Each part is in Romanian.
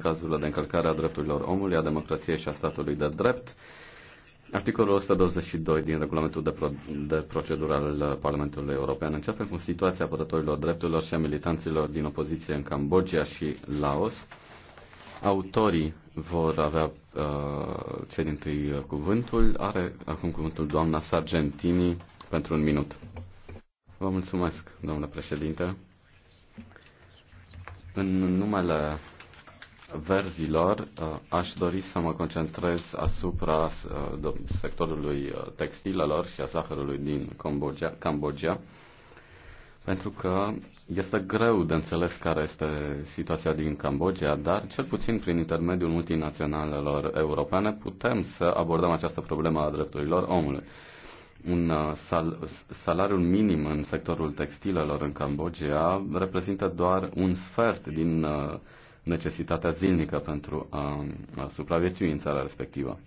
cazurile de încălcare a drepturilor omului, a democrației și a statului de drept. Articolul 122 din regulamentul de, pro- de procedură al Parlamentului European începe cu situația apărătorilor drepturilor și a militanților din opoziție în Cambodgia și Laos. Autorii vor avea uh, cei din tâi cuvântul. Are acum cuvântul doamna Sargentini pentru un minut. Vă mulțumesc, domnule președinte. În numele verzilor, uh, aș dori să mă concentrez asupra uh, sectorului uh, textilelor și a zahărului din Cambodgia, Cambodgia pentru că este greu de înțeles care este situația din Cambodgia, dar cel puțin prin intermediul multinaționalelor europene putem să abordăm această problemă a drepturilor omului. Un sal- salariul minim în sectorul textilelor în Cambodgia reprezintă doar un sfert din uh, necesitatea zilnică pentru a, a supraviețui în țara respectivă.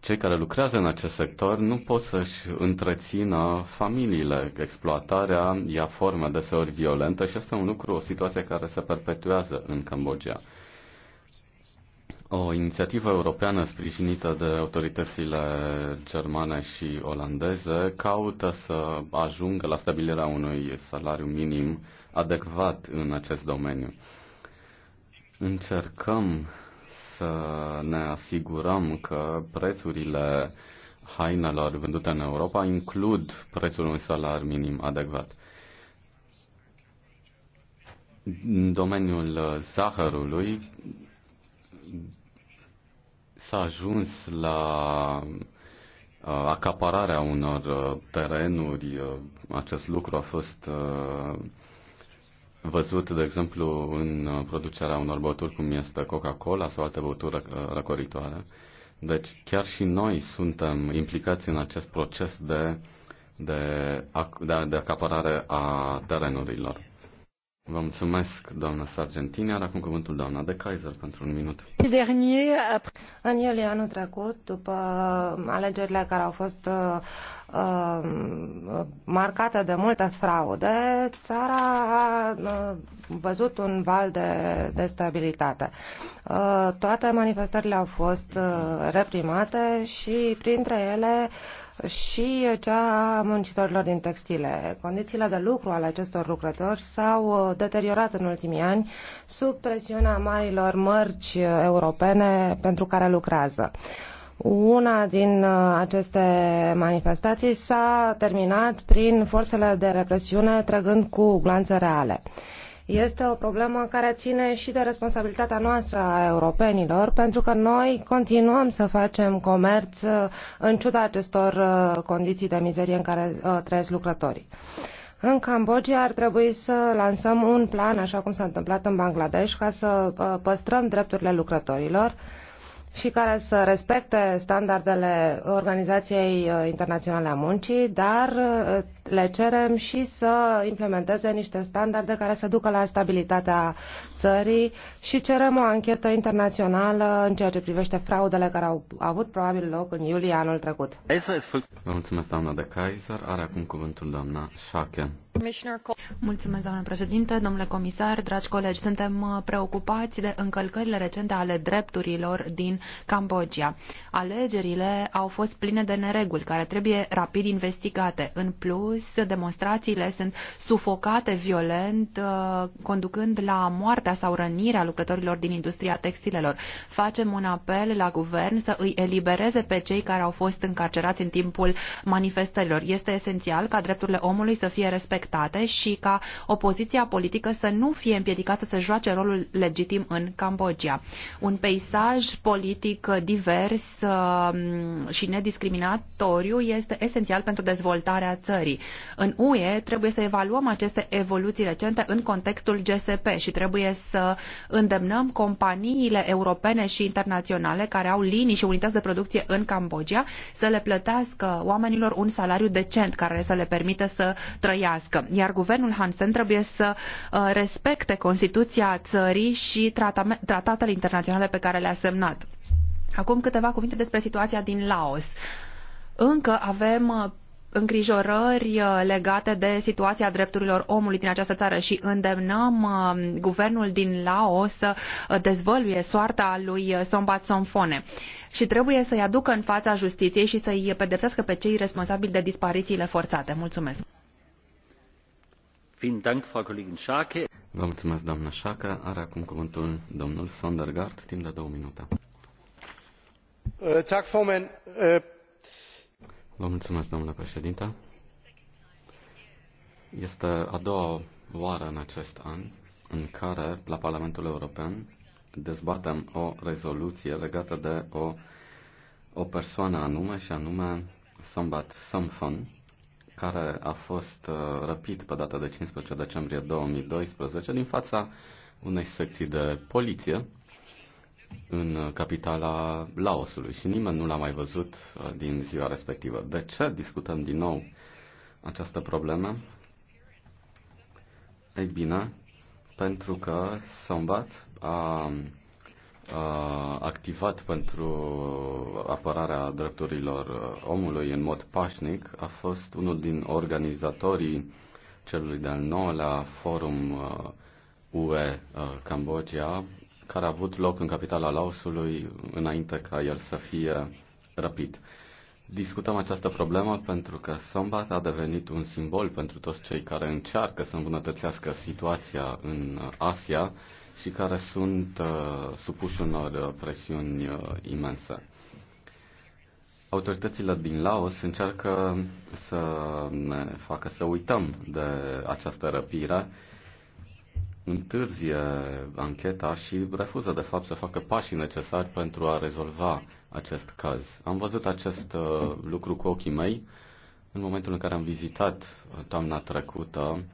Cei care lucrează în acest sector nu pot să-și întrețină familiile. Exploatarea ia forme deseori violentă și este un lucru, o situație care se perpetuează în Cambodgia. O inițiativă europeană sprijinită de autoritățile germane și olandeze caută să ajungă la stabilirea unui salariu minim adecvat în acest domeniu. Încercăm să ne asigurăm că prețurile hainelor vândute în Europa includ prețul unui salar minim adecvat. În domeniul zahărului s-a ajuns la uh, acapararea unor uh, terenuri. Uh, acest lucru a fost văzut, de exemplu, în producerea unor băuturi cum este Coca-Cola sau alte băuturi răcoritoare. Deci chiar și noi suntem implicați în acest proces de, de, de, de acaparare a terenurilor. Vă mulțumesc, doamna Sargentini. iar acum cuvântul doamna de Kaiser pentru un minut. În iulie anul trecut, după alegerile care au fost uh, uh marcate de multe fraude, țara a uh, văzut un val de, de stabilitate. Uh, toate manifestările au fost uh, reprimate și printre ele uh, și cea a muncitorilor din textile. Condițiile de lucru ale acestor lucrători s-au uh, deteriorat în ultimii ani sub presiunea marilor mărci uh, europene pentru care lucrează. Una din uh, aceste manifestații s-a terminat prin forțele de represiune trăgând cu glanțe reale. Este o problemă care ține și de responsabilitatea noastră a europenilor, pentru că noi continuăm să facem comerț uh, în ciuda acestor uh, condiții de mizerie în care uh, trăiesc lucrătorii. În Cambodgia ar trebui să lansăm un plan, așa cum s-a întâmplat în Bangladesh, ca să păstrăm drepturile lucrătorilor și care să respecte standardele Organizației uh, Internaționale a Muncii, dar uh, le cerem și să implementeze niște standarde care să ducă la stabilitatea țării și cerem o anchetă internațională în ceea ce privește fraudele care au avut probabil loc în iulie anul trecut. Vă mulțumesc, doamna de Kaiser. Are acum cuvântul doamna Schaken. Mulțumesc, doamnă președinte, domnule comisar, dragi colegi. Suntem uh, preocupați de încălcările recente ale drepturilor din Cambodgia. Alegerile au fost pline de nereguli care trebuie rapid investigate. În plus, demonstrațiile sunt sufocate violent, uh, conducând la moartea sau rănirea lucrătorilor din industria textilelor. Facem un apel la guvern să îi elibereze pe cei care au fost încarcerați în timpul manifestărilor. Este esențial ca drepturile omului să fie respectate respectate și ca opoziția politică să nu fie împiedicată să joace rolul legitim în Cambodgia. Un peisaj politic divers um, și nediscriminatoriu este esențial pentru dezvoltarea țării. În UE trebuie să evaluăm aceste evoluții recente în contextul GSP și trebuie să îndemnăm companiile europene și internaționale care au linii și unități de producție în Cambodgia să le plătească oamenilor un salariu decent care să le permită să trăiască românească, iar guvernul Hansen trebuie să uh, respecte Constituția țării și tratatele internaționale pe care le-a semnat. Acum câteva cuvinte despre situația din Laos. Încă avem uh, îngrijorări uh, legate de situația drepturilor omului din această țară și îndemnăm guvernul din Laos să dezvăluie soarta lui Sombat Somfone și trebuie să-i aducă în fața justiției și să-i pedepsească pe cei responsabili de disparițiile forțate. Mulțumesc! Vă mulțumesc, doamna Șacă. Are acum cuvântul domnul Sondergaard, timp de două minute. Uh, uh, Vă mulțumesc, domnule președinte. Este a doua oară în acest an în care, la Parlamentul European, dezbatem o rezoluție legată de o, o persoană anume, și anume Sombat Somfon, care a fost uh, răpit pe data de 15 decembrie 2012 din fața unei secții de poliție în capitala Laosului și nimeni nu l-a mai văzut uh, din ziua respectivă. De ce discutăm din nou această problemă? Ei bine, pentru că Sombat a Uh, activat pentru apărarea drepturilor uh, omului în mod pașnic a fost unul din organizatorii celui de-al nouălea forum UE uh, Cambodgia, care a avut loc în capitala Laosului înainte ca el să fie răpit. Discutăm această problemă pentru că Sombat a devenit un simbol pentru toți cei care încearcă să îmbunătățească situația în Asia, și care sunt uh, supuși unor uh, presiuni uh, imense. Autoritățile din Laos încearcă să ne facă să uităm de această răpire, întârzie ancheta și refuză de fapt să facă pașii necesari pentru a rezolva acest caz. Am văzut acest uh, lucru cu ochii mei în momentul în care am vizitat uh, toamna trecută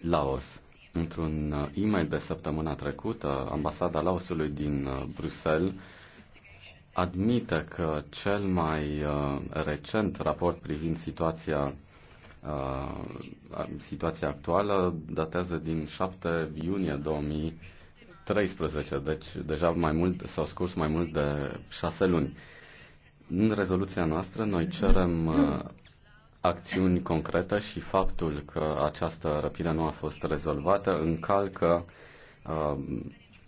Laos. Într-un uh, e-mail de săptămâna trecută, ambasada Laosului din uh, Bruxelles admite că cel mai uh, recent raport privind situația situația actuală datează din 7 iunie 2013, deci deja mai mult, s-au scurs mai mult de șase luni. În rezoluția noastră noi cerem acțiuni concrete și faptul că această răpire nu a fost rezolvată încalcă uh,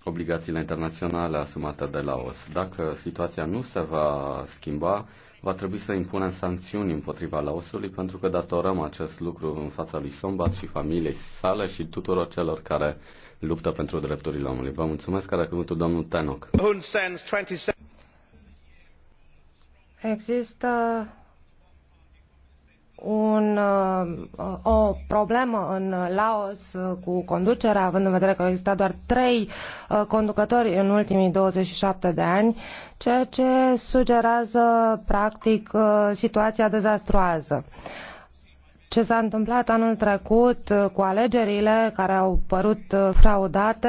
obligațiile internaționale asumate de Laos. Dacă situația nu se va schimba, va trebui să impunem sancțiuni împotriva Laosului pentru că datorăm acest lucru în fața lui Sombat și familiei sale și tuturor celor care luptă pentru drepturile omului. Vă mulțumesc, care cuvântul domnul Tenoc. Există un, uh, o problemă în Laos cu conducerea, având în vedere că au existat doar trei uh, conducători în ultimii 27 de ani, ceea ce sugerează practic uh, situația dezastruoasă ce s a întâmplat anul trecut cu alegerile care au părut fraudate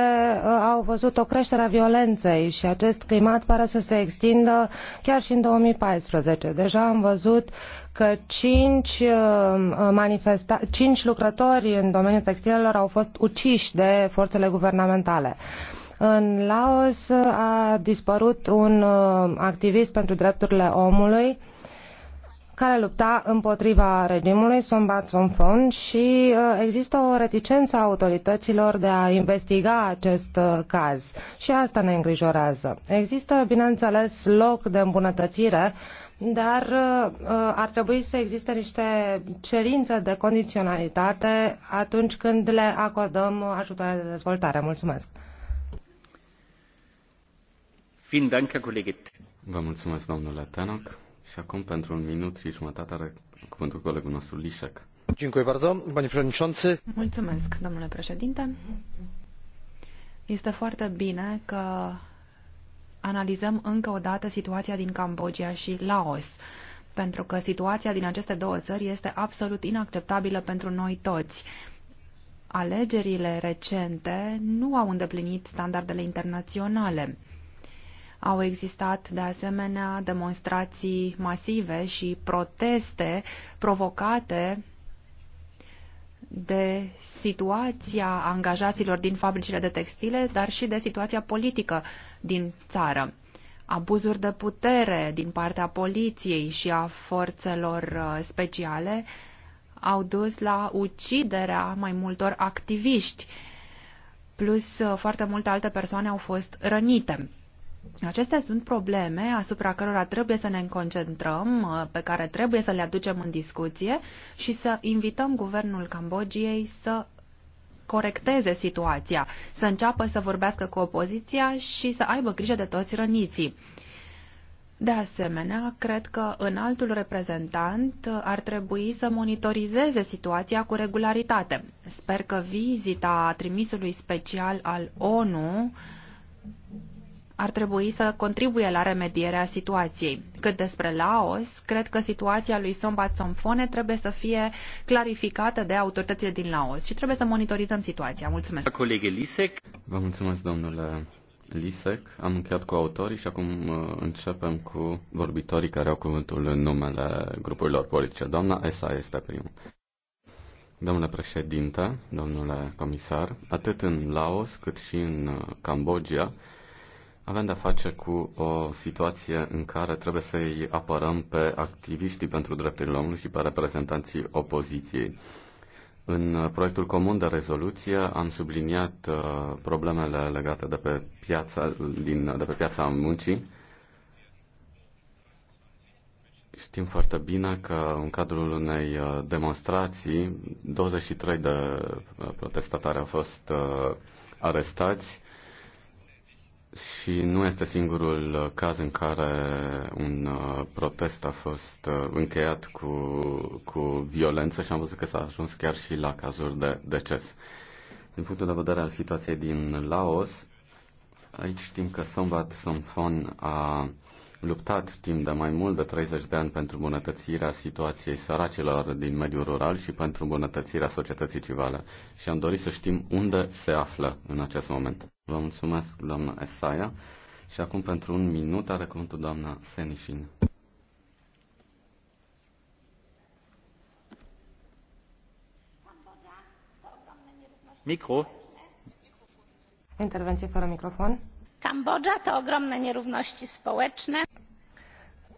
au văzut o creștere a violenței și acest climat pare să se extindă chiar și în 2014. Deja am văzut că cinci, uh, manifesta- cinci lucrători în domeniul textilelor au fost uciși de forțele guvernamentale. În Laos a dispărut un uh, activist pentru drepturile omului care lupta împotriva regimului Sombat Somphon și uh, există o reticență a autorităților de a investiga acest caz și asta ne îngrijorează. Există, bineînțeles, loc de îmbunătățire dar uh, ar trebui să existe niște cerințe de condiționalitate atunci când le acordăm ajutoare de dezvoltare. Mulțumesc! Vă mulțumesc, domnule Tenoc. Și acum, pentru un minut și jumătate, are cuvântul colegul nostru Lișec. Mulțumesc, domnule președinte. Este foarte bine că analizăm încă o dată situația din Cambodgia și Laos, pentru că situația din aceste două țări este absolut inacceptabilă pentru noi toți. Alegerile recente nu au îndeplinit standardele internaționale. Au existat, de asemenea, demonstrații masive și proteste provocate de situația angajaților din fabricile de textile, dar și de situația politică din țară. Abuzuri de putere din partea poliției și a forțelor uh, speciale au dus la uciderea mai multor activiști, plus uh, foarte multe alte persoane au fost rănite. Acestea sunt probleme asupra cărora trebuie să ne concentrăm, uh, pe care trebuie să le aducem în discuție și să invităm guvernul Cambodgiei să corecteze situația, să înceapă să vorbească cu opoziția și să aibă grijă de toți răniții. De asemenea, cred că în altul reprezentant uh, ar trebui să monitorizeze situația cu regularitate. Sper că vizita trimisului special al ONU ar trebui să contribuie la remedierea situației. Cât despre Laos, cred că situația lui Sombat Somfone trebuie să fie clarificată de autoritățile din Laos și trebuie să monitorizăm situația. Mulțumesc. Colegi Lisek. Vă mulțumesc, domnule Lisek. Am încheiat cu autorii și acum uh, începem cu vorbitorii care au cuvântul în numele grupurilor politice. Doamna Esa este primul. Domnule președinte, domnule comisar, atât în Laos cât și în uh, Cambodgia, avem de-a face cu o situație în care trebuie să-i apărăm pe activiștii pentru drepturile omului și pe reprezentanții opoziției. În proiectul comun de rezoluție am subliniat uh, problemele legate de pe piața, din, de pe piața muncii. Știm foarte bine că în cadrul unei uh, demonstrații 23 de uh, protestatari au fost arestați și nu este singurul uh, caz în care un uh, protest a fost uh, încheiat cu, cu violență și am văzut că s-a ajuns chiar și la cazuri de deces. Din punctul de vedere al situației din Laos, aici știm că Sombat Somphon a luptat timp de mai mult de 30 de ani pentru îmbunătățirea situației săracilor din mediul rural și pentru îmbunătățirea societății civile și am dorit să știm unde se află în acest moment. Vă mulțumesc, doamna Esaia, și acum pentru un minut are cuvântul doamna Senișin. Micro. Intervenție fără microfon. Kambodża to ogromne nierówności społeczne.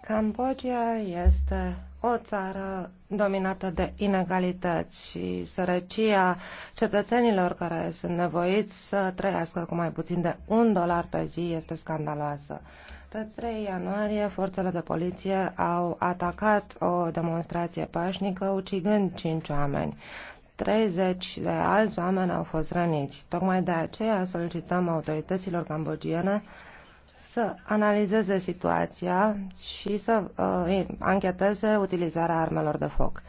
Kambodża este o țară dominată de inegalități și sărăcia cetățenilor care sunt nevoiți să trăiască cu mai puțin de un dolar pe zi este scandaloasă. Pe 3 ianuarie, forțele de poliție au atacat o demonstrație pașnică, ucigând cinci oameni. 30 de alți oameni au fost răniți. Tocmai de aceea solicităm autorităților cambogiene să analizeze situația și să uh, ancheteze utilizarea armelor de foc.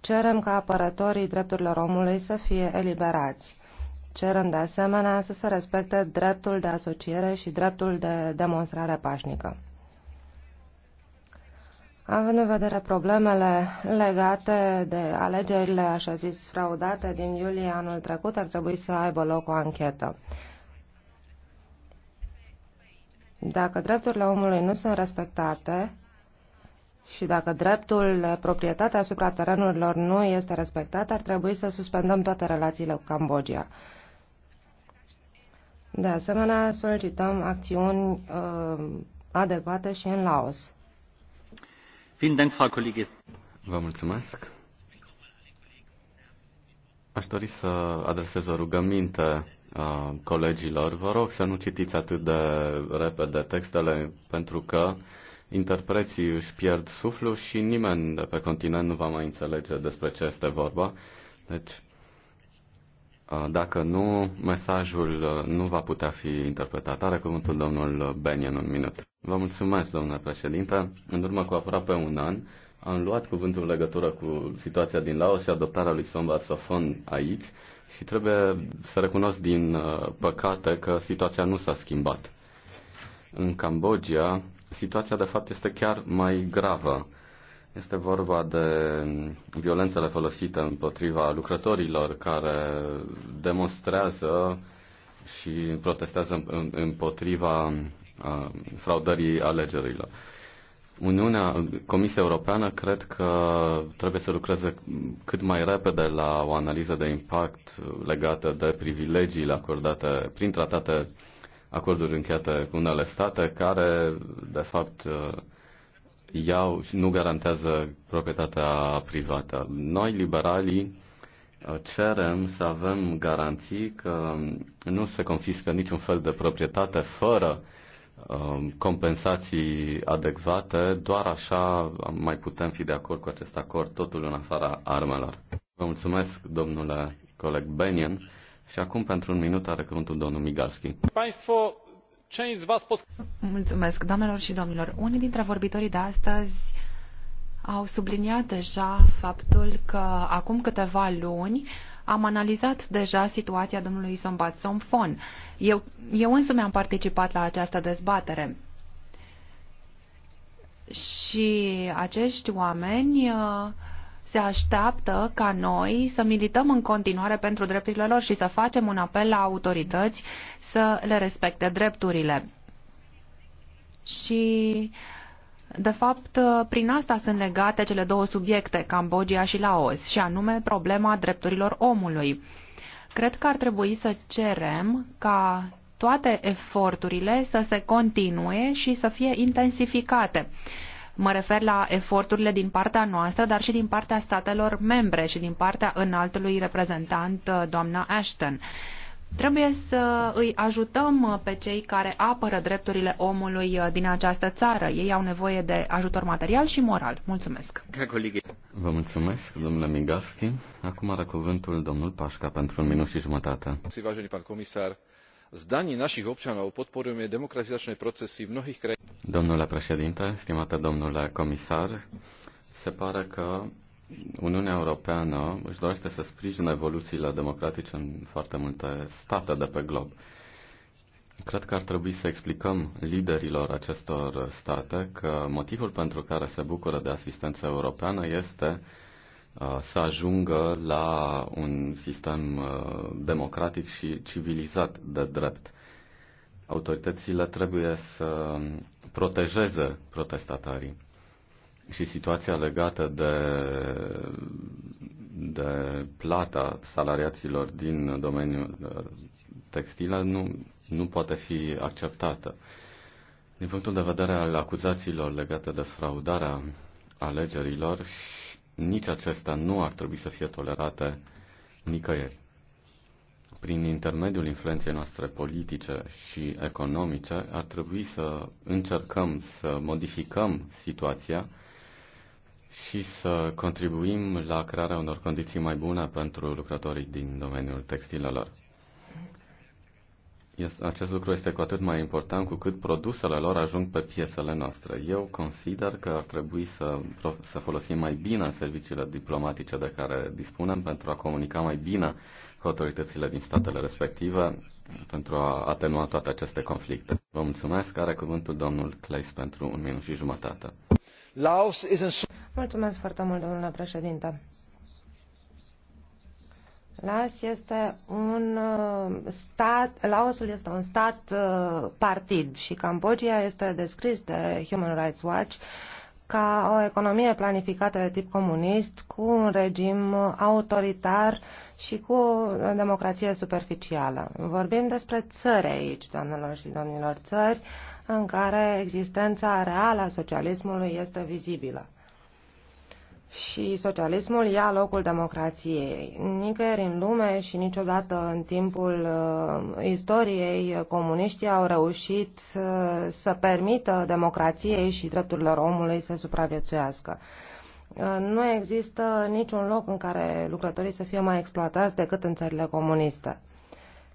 Cerem ca apărătorii drepturilor omului să fie eliberați. Cerem de asemenea să se respecte dreptul de asociere și dreptul de demonstrare pașnică. Având în vedere problemele legate de alegerile, așa zis, fraudate din iulie anul trecut, ar trebui să aibă loc o anchetă. Dacă drepturile omului nu sunt respectate și dacă dreptul de proprietate asupra terenurilor nu este respectat, ar trebui să suspendăm toate relațiile cu Cambodgia. De asemenea, solicităm acțiuni uh, adecvate și în Laos. Vă mulțumesc. Aș dori să adresez o rugăminte uh, colegilor. Vă rog să nu citiți atât de repede textele, pentru că interpreții își pierd suflu și nimeni de pe continent nu va mai înțelege despre ce este vorba. Deci, Uh, dacă nu, mesajul uh, nu va putea fi interpretat. Are cuvântul domnul în un minut. Vă mulțumesc, domnule președinte. În urmă cu aproape un an, am luat cuvântul în legătură cu situația din Laos și adoptarea lui Somba Sofon aici și trebuie să recunosc din uh, păcate că situația nu s-a schimbat. În Cambodgia, situația de fapt este chiar mai gravă este vorba de violențele folosite împotriva lucrătorilor care demonstrează și protestează împotriva fraudării alegerilor. Uniunea, Comisia Europeană cred că trebuie să lucreze cât mai repede la o analiză de impact legată de privilegiile acordate prin tratate, acorduri încheiate cu unele state, care, de fapt, iau și nu garantează proprietatea privată. Noi, liberalii, uh, cerem să avem garanții că nu se confiscă niciun fel de proprietate fără um, compensații adecvate, doar așa mai putem fi de acord cu acest acord, totul în afara armelor. Vă mulțumesc, domnule coleg Benian, și acum pentru un minut are cuvântul domnul Migalski. Państwo Mulțumesc, doamnelor și domnilor. Unii dintre vorbitorii de astăzi au subliniat deja faptul că acum câteva luni am analizat deja situația domnului Sombat Somfon. Eu, eu însumi am participat la această dezbatere. Și acești oameni uh, se așteaptă ca noi să milităm în continuare pentru drepturile lor și să facem un apel la autorități să le respecte drepturile. Și, de fapt, prin asta sunt legate cele două subiecte, Cambodgia și Laos, și anume problema drepturilor omului. Cred că ar trebui să cerem ca toate eforturile să se continue și să fie intensificate Mă refer la eforturile din partea noastră, dar și din partea statelor membre și din partea înaltului reprezentant, uh, doamna Ashton. Trebuie să îi ajutăm uh, pe cei care apără drepturile omului uh, din această țară. Ei au nevoie de ajutor material și moral. Mulțumesc. Vă mulțumesc, domnule Migalski. Acum are cuvântul domnul Pașca pentru un minut și jumătate. Vážený pan comisar, z daní našich občanov podporujeme demokratizačné procesy v mnohých krajinách. Domnule președinte, stimate domnule comisar, se pare că Uniunea Europeană își dorește să sprijine evoluțiile democratice în foarte multe state de pe glob. Cred că ar trebui să explicăm liderilor acestor state că motivul pentru care se bucură de asistență europeană este Uh, să ajungă la un sistem uh, democratic și civilizat de drept. Autoritățile trebuie să protejeze protestatarii și situația legată de, de plata salariaților din domeniul uh, textilă nu, nu poate fi acceptată. Din punctul de vedere al acuzațiilor legate de fraudarea alegerilor nici acestea nu ar trebui să fie tolerate nicăieri. Prin intermediul influenței noastre politice și economice, ar trebui să încercăm să modificăm situația și să contribuim la crearea unor condiții mai bune pentru lucrătorii din domeniul textilelor. Acest lucru este cu atât mai important cu cât produsele lor ajung pe piețele noastre. Eu consider că ar trebui să, să folosim mai bine serviciile diplomatice de care dispunem pentru a comunica mai bine cu autoritățile din statele respective pentru a atenua toate aceste conflicte. Vă mulțumesc. Are cuvântul domnul Claes pentru un minut și jumătate. Laos is in... Mulțumesc foarte mult, domnule președinte. Laos este un uh, stat, Laosul este un stat uh, partid și Cambodgia este descris de Human Rights Watch ca o economie planificată de tip comunist, cu un regim autoritar și cu o democrație superficială. Vorbim despre țări aici, doamnelor și domnilor, țări în care existența reală a socialismului este vizibilă și socialismul ia locul democrației. Nicăieri în lume și niciodată în timpul uh, istoriei comuniștii au reușit uh, să permită democrației și drepturilor omului să supraviețuiască. Uh, nu există niciun loc în care lucrătorii să fie mai exploatați decât în țările comuniste.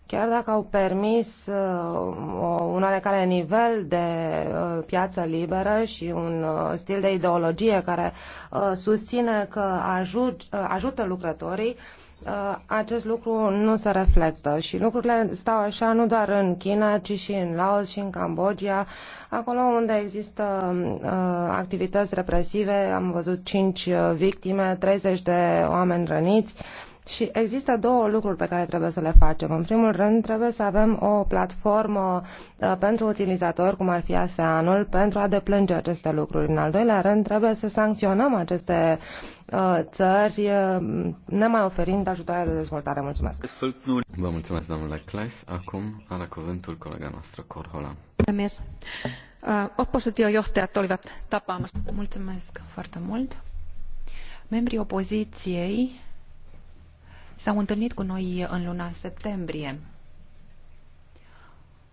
Chiar dacă au permis uh, un oarecare nivel de uh, piață liberă și un uh, stil de ideologie care susține că ajut, ajută lucrătorii, acest lucru nu se reflectă și lucrurile stau așa nu doar în China, ci și în Laos și în Cambodgia, acolo unde există uh, activități represive, am văzut 5 victime, 30 de oameni răniți. Uh, și există două lucruri pe care trebuie să le facem. În primul rând, trebuie să avem o platformă uh, pentru utilizatori, cum ar fi ASEAN-ul, pentru a deplânge aceste lucruri. În al doilea rând, trebuie să sancționăm aceste uh, țări, uh, ne mai oferind ajutoare de dezvoltare. Mulțumesc! Vă mulțumesc, domnule Kleis. Acum are cuvântul colega noastră, Corhola. Mulțumesc foarte mult. Membrii opoziției s-au întâlnit cu noi în luna septembrie.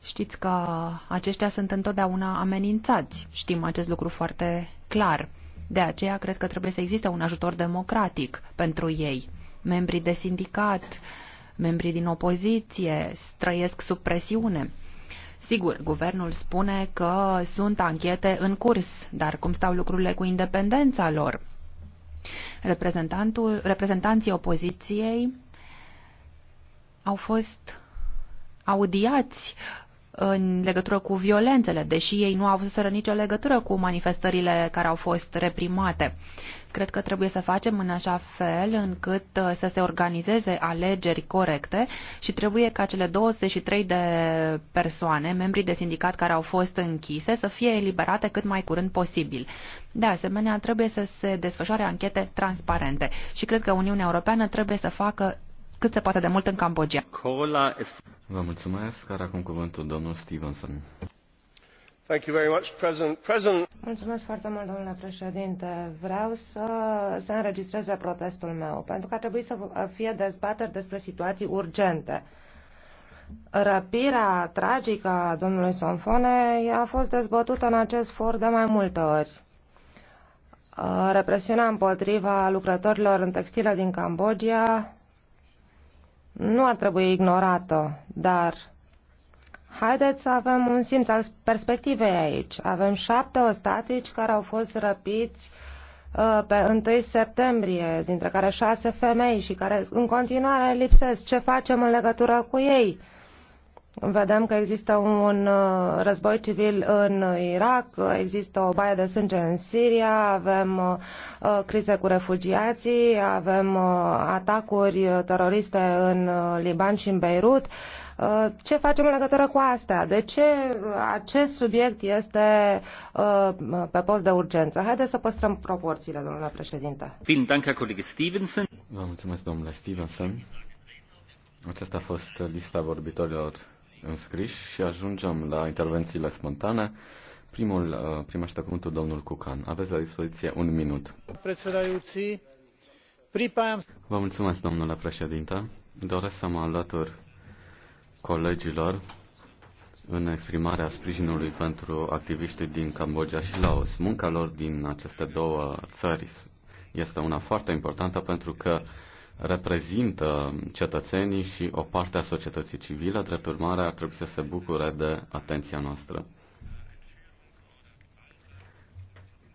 Știți că aceștia sunt întotdeauna amenințați. Știm acest lucru foarte clar. De aceea cred că trebuie să existe un ajutor democratic pentru ei. Membrii de sindicat, membrii din opoziție străiesc sub presiune. Sigur, guvernul spune că sunt anchete în curs, dar cum stau lucrurile cu independența lor? Reprezentantul, reprezentanții opoziției au fost audiați în legătură cu violențele, deși ei nu au avut nicio legătură cu manifestările care au fost reprimate. Cred că trebuie să facem în așa fel încât uh, să se organizeze alegeri corecte și trebuie ca cele 23 de persoane, membrii de sindicat care au fost închise, să fie eliberate cât mai curând posibil. De asemenea, trebuie să se desfășoare anchete transparente și cred că Uniunea Europeană trebuie să facă cât se poate de mult în Cambodgia. Vă mulțumesc. Are acum cuvântul domnul Stevenson. Thank you very much, President. President... Mulțumesc foarte mult, domnule președinte. Vreau să se înregistreze protestul meu, pentru că ar trebui să fie dezbateri despre situații urgente. Răpirea tragică a domnului Sonfone a fost dezbătută în acest for de mai multe ori. Represiunea împotriva lucrătorilor în textile din Cambodgia nu ar trebui ignorată, dar haideți să avem un simț al perspectivei aici. Avem șapte ostatici care au fost răpiți uh, pe 1 septembrie, dintre care șase femei și care în continuare lipsesc. Ce facem în legătură cu ei? Vedem că există un uh, război civil în Irak, există o baie de sânge în Siria, avem uh, uh, crize cu refugiații, avem atacuri teroriste în Liban și în Beirut. Ce facem în legătură cu astea? De ce acest subiect este pe post de urgență? Haideți să păstrăm proporțiile, domnule președinte. Vă mulțumesc, domnule Stevenson. Aceasta a fost lista vorbitorilor înscriși și ajungem la intervențiile spontane. Primul uh, primește cuvântul domnul Cucan. Aveți la dispoziție un minut. Vă mulțumesc, domnule președinte. Doresc să mă alătur colegilor în exprimarea sprijinului pentru activiștii din Cambodgia și Laos. Munca lor din aceste două țări este una foarte importantă pentru că reprezintă cetățenii și o parte a societății civile, drept urmare ar trebui să se bucure de atenția noastră.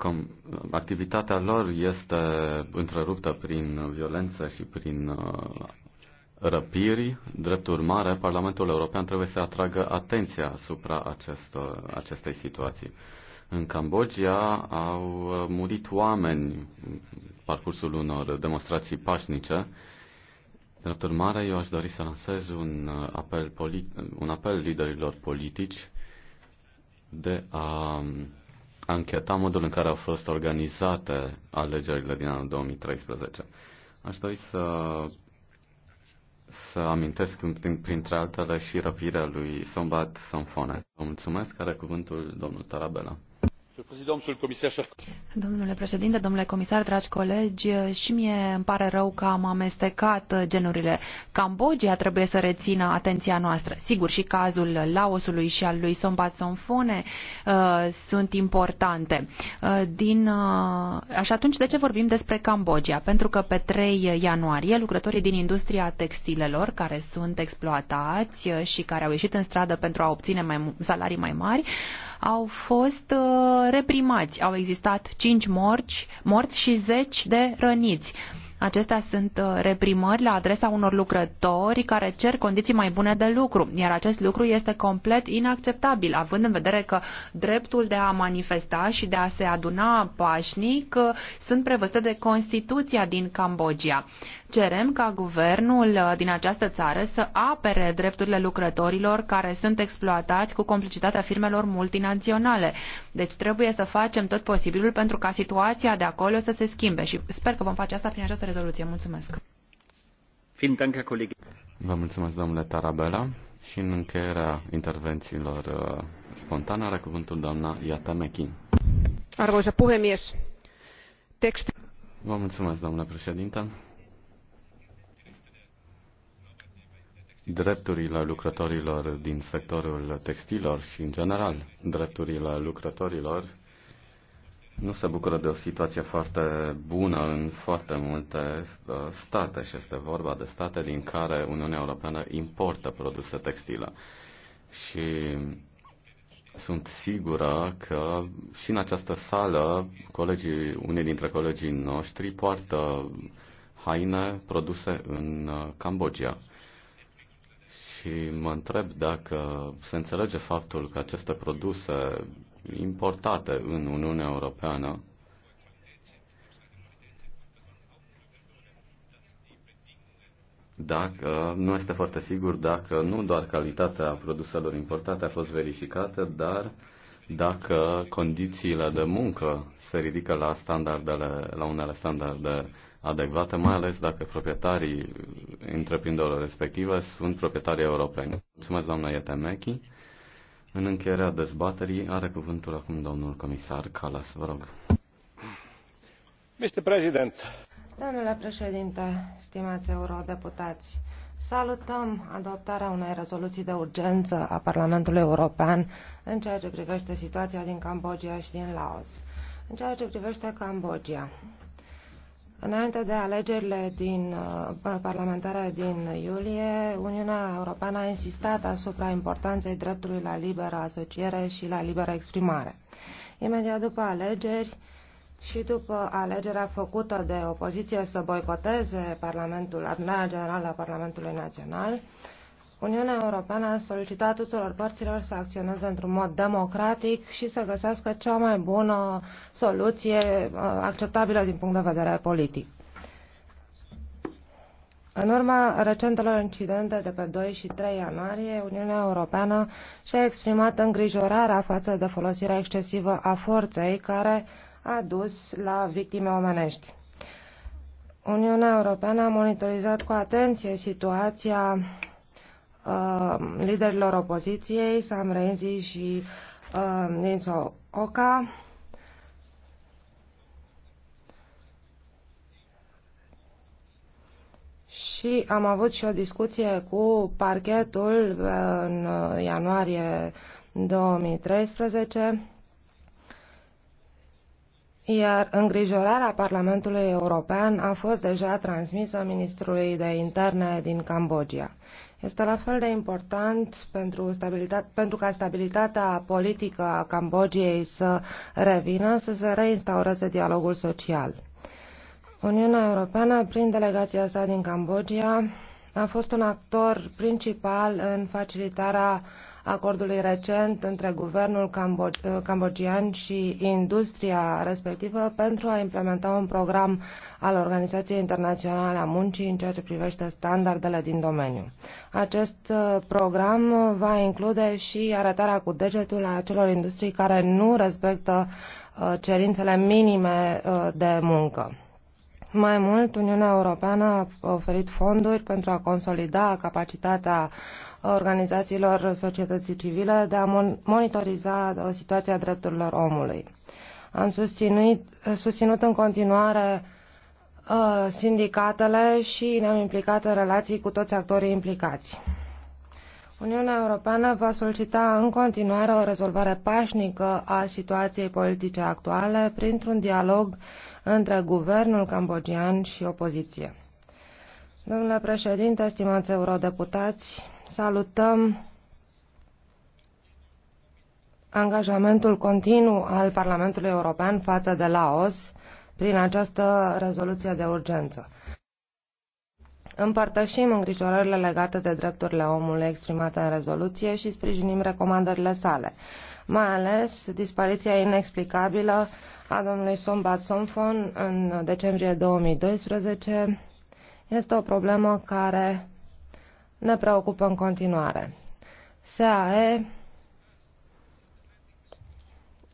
Com- activitatea lor este întreruptă prin violență și prin uh, răpiri. Drept urmare, Parlamentul European trebuie să atragă atenția asupra acestor, acestei situații. În Cambodgia au uh, murit oameni parcursul unor demonstrații pașnice. Drept urmare, eu aș dori să lansez un uh, apel, polit- un apel liderilor politici de a um, ancheta modul în care au fost organizate alegerile din anul 2013. Aș dori să, să amintesc printre altele și răpirea lui Sombat Sonfone. Vă mulțumesc, are cuvântul domnul Tarabela domnule președinte domnule comisar dragi colegi și mie îmi pare rău că am amestecat genurile. cambodgia trebuie să rețină atenția noastră. sigur și cazul laosului și al lui sombath somphone uh, sunt importante. Uh, din, uh, și atunci de ce vorbim despre cambodgia? pentru că pe 3 ianuarie lucrătorii din industria textilelor care sunt exploatați și care au ieșit în stradă pentru a obține mai, salarii mai mari au fost uh, reprimați. Au existat 5 morți, morți și 10 de răniți. Acestea sunt uh, reprimări la adresa unor lucrători care cer condiții mai bune de lucru, iar acest lucru este complet inacceptabil, având în vedere că dreptul de a manifesta și de a se aduna pașnic uh, sunt prevăzute de Constituția din Cambodgia. Cerem ca guvernul uh, din această țară să apere drepturile lucrătorilor care sunt exploatați cu complicitatea firmelor multinaționale. Deci trebuie să facem tot posibilul pentru ca situația de acolo să se schimbe și sper că vom face asta prin această rezoluție. Mulțumesc! Vă mulțumesc, domnule Tarabella. Și în încheierea intervențiilor uh, spontane are cuvântul doamna Iatamechi. Arvoisa puhemies, text... Vă mulțumesc, doamnă președinte. drepturile lucrătorilor din sectorul textilor și, în general, drepturile lucrătorilor nu se bucură de o situație foarte bună în foarte multe uh, state și este vorba de state din care Uniunea Europeană importă produse textile. Și sunt sigură că și în această sală colegii, unii dintre colegii noștri poartă haine produse în uh, Cambodgia și mă întreb dacă se înțelege faptul că aceste produse importate în Uniunea Europeană dacă nu este foarte sigur dacă nu doar calitatea produselor importate a fost verificată, dar dacă condițiile de muncă se ridică la standardele, la unele standarde adecvată, mai ales dacă proprietarii întreprinderilor respective sunt proprietarii europeni. Mulțumesc, doamna Ietemechi. În încheierea dezbaterii are cuvântul acum domnul comisar Calas. Vă rog. Mr. President. Domnule președinte, stimați eurodeputați, Salutăm adoptarea unei rezoluții de urgență a Parlamentului European în ceea ce privește situația din Cambodgia și din Laos. În ceea ce privește Cambodgia, Înainte de alegerile din, uh, parlamentare din iulie, Uniunea Europeană a insistat asupra importanței dreptului la liberă asociere și la liberă exprimare. Imediat după alegeri și după alegerea făcută de opoziție să boicoteze Parlamentul, Adunarea Generală a Parlamentului Național, Uniunea Europeană a solicitat tuturor părților să acționeze într-un mod democratic și să găsească cea mai bună soluție uh, acceptabilă din punct de vedere politic. În urma recentelor incidente de pe 2 și 3 ianuarie, Uniunea Europeană și-a exprimat îngrijorarea față de folosirea excesivă a forței care a dus la victime omenești. Uniunea Europeană a monitorizat cu atenție situația Uh, liderilor opoziției, Sam Renzi și uh, Ninso Oca, și am avut și o discuție cu parchetul uh, în ianuarie 2013, iar îngrijorarea Parlamentului European a fost deja transmisă ministrului de interne din Cambodgia. Este la fel de important pentru, pentru ca stabilitatea politică a Cambodgiei să revină, să se reinstaureze dialogul social. Uniunea Europeană, prin delegația sa din Cambodgia, a fost un actor principal în facilitarea acordului recent între guvernul cambogian eh, și industria respectivă pentru a implementa un program al Organizației Internaționale a Muncii în ceea ce privește standardele din domeniu. Acest eh, program va include și arătarea cu degetul a acelor industrii care nu respectă eh, cerințele minime de muncă. Mai mult, Uniunea Europeană a oferit fonduri pentru a consolida capacitatea organizațiilor societății civile de a monitoriza uh, situația drepturilor omului. Am susținut, susținut în continuare uh, sindicatele și ne-am implicat în relații cu toți actorii implicați. Uniunea Europeană va solicita în continuare o rezolvare pașnică a situației politice actuale printr-un dialog între guvernul cambogian și opoziție. Domnule președinte, stimați eurodeputați, Salutăm angajamentul continuu al Parlamentului European față de Laos prin această rezoluție de urgență. Împărtășim îngrijorările legate de drepturile omului exprimate în rezoluție și sprijinim recomandările sale, mai ales dispariția inexplicabilă a domnului Sombat Somfon în decembrie 2012 este o problemă care ne preocupă în continuare. SAE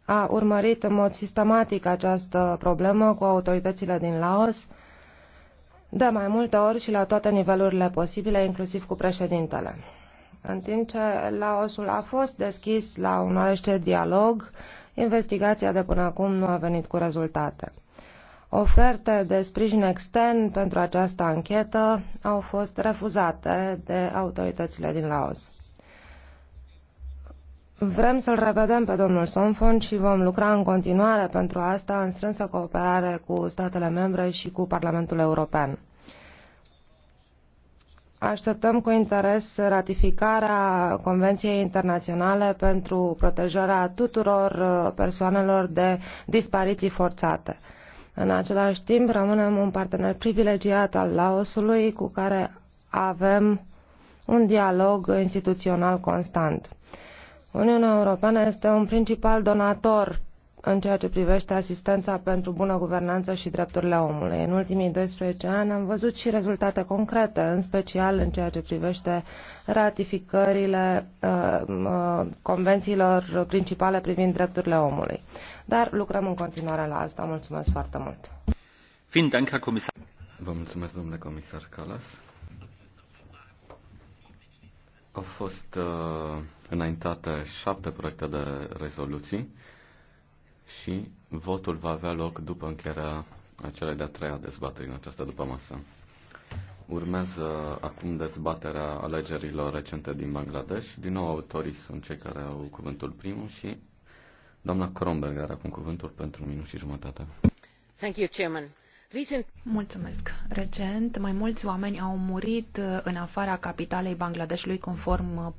a urmărit în mod sistematic această problemă cu autoritățile din Laos de mai multe ori și la toate nivelurile posibile, inclusiv cu președintele. În timp ce Laosul a fost deschis la un oarește dialog, investigația de până acum nu a venit cu rezultate oferte de sprijin extern pentru această anchetă au fost refuzate de autoritățile din Laos. Vrem să-l revedem pe domnul Somfon și vom lucra în continuare pentru asta în strânsă cooperare cu statele membre și cu Parlamentul European. Așteptăm cu interes ratificarea Convenției Internaționale pentru protejarea tuturor uh, persoanelor de dispariții forțate. În același timp, rămânem un partener privilegiat al Laosului cu care avem un dialog instituțional constant. Uniunea Europeană este un principal donator în ceea ce privește asistența pentru bună guvernanță și drepturile omului. În ultimii 12 ani am văzut și rezultate concrete, în special în ceea ce privește ratificările uh, uh, convențiilor principale privind drepturile omului. Dar lucrăm în continuare la asta. Mulțumesc foarte mult. Vă mulțumesc, domnule comisar Calas. Au fost uh, înaintate șapte proiecte de rezoluții și votul va avea loc după încheierea acelei de-a treia dezbateri în această după masă. Urmează acum dezbaterea alegerilor recente din Bangladesh. Din nou autorii sunt cei care au cuvântul primul și doamna Kronberg are acum cuvântul pentru un minut și jumătate. Thank you, Chairman. Recent, Mulțumesc. Recent, mai mulți oameni au murit în afara capitalei Bangladeshului conform